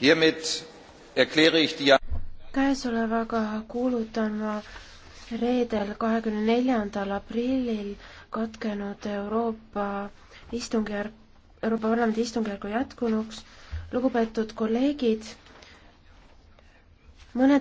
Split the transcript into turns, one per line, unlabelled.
Hiermit erkläre ich die
käesolevaga kuulutan ma reedel, kahekümne neljandal aprillil katkenud Euroopa istungjärk, Euroopa Parlamendi istungjärgu jätkunuks. lugupeetud kolleegid, mõned